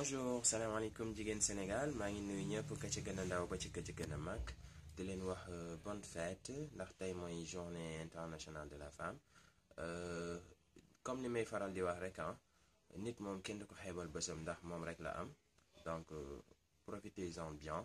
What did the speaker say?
bonjour alaykoum jigéen Sénégal ma ngi nuyu ñëpp ka ci gën ndaw ba ci ka ci gën mag di leen wax euh, bonne fête ndax tay moy journée internationale de la femme euh, comme ni may faral di wax rek hein nit mom kenn du ko xébal bëssam ndax mom rek la am donc euh, profitez-en bien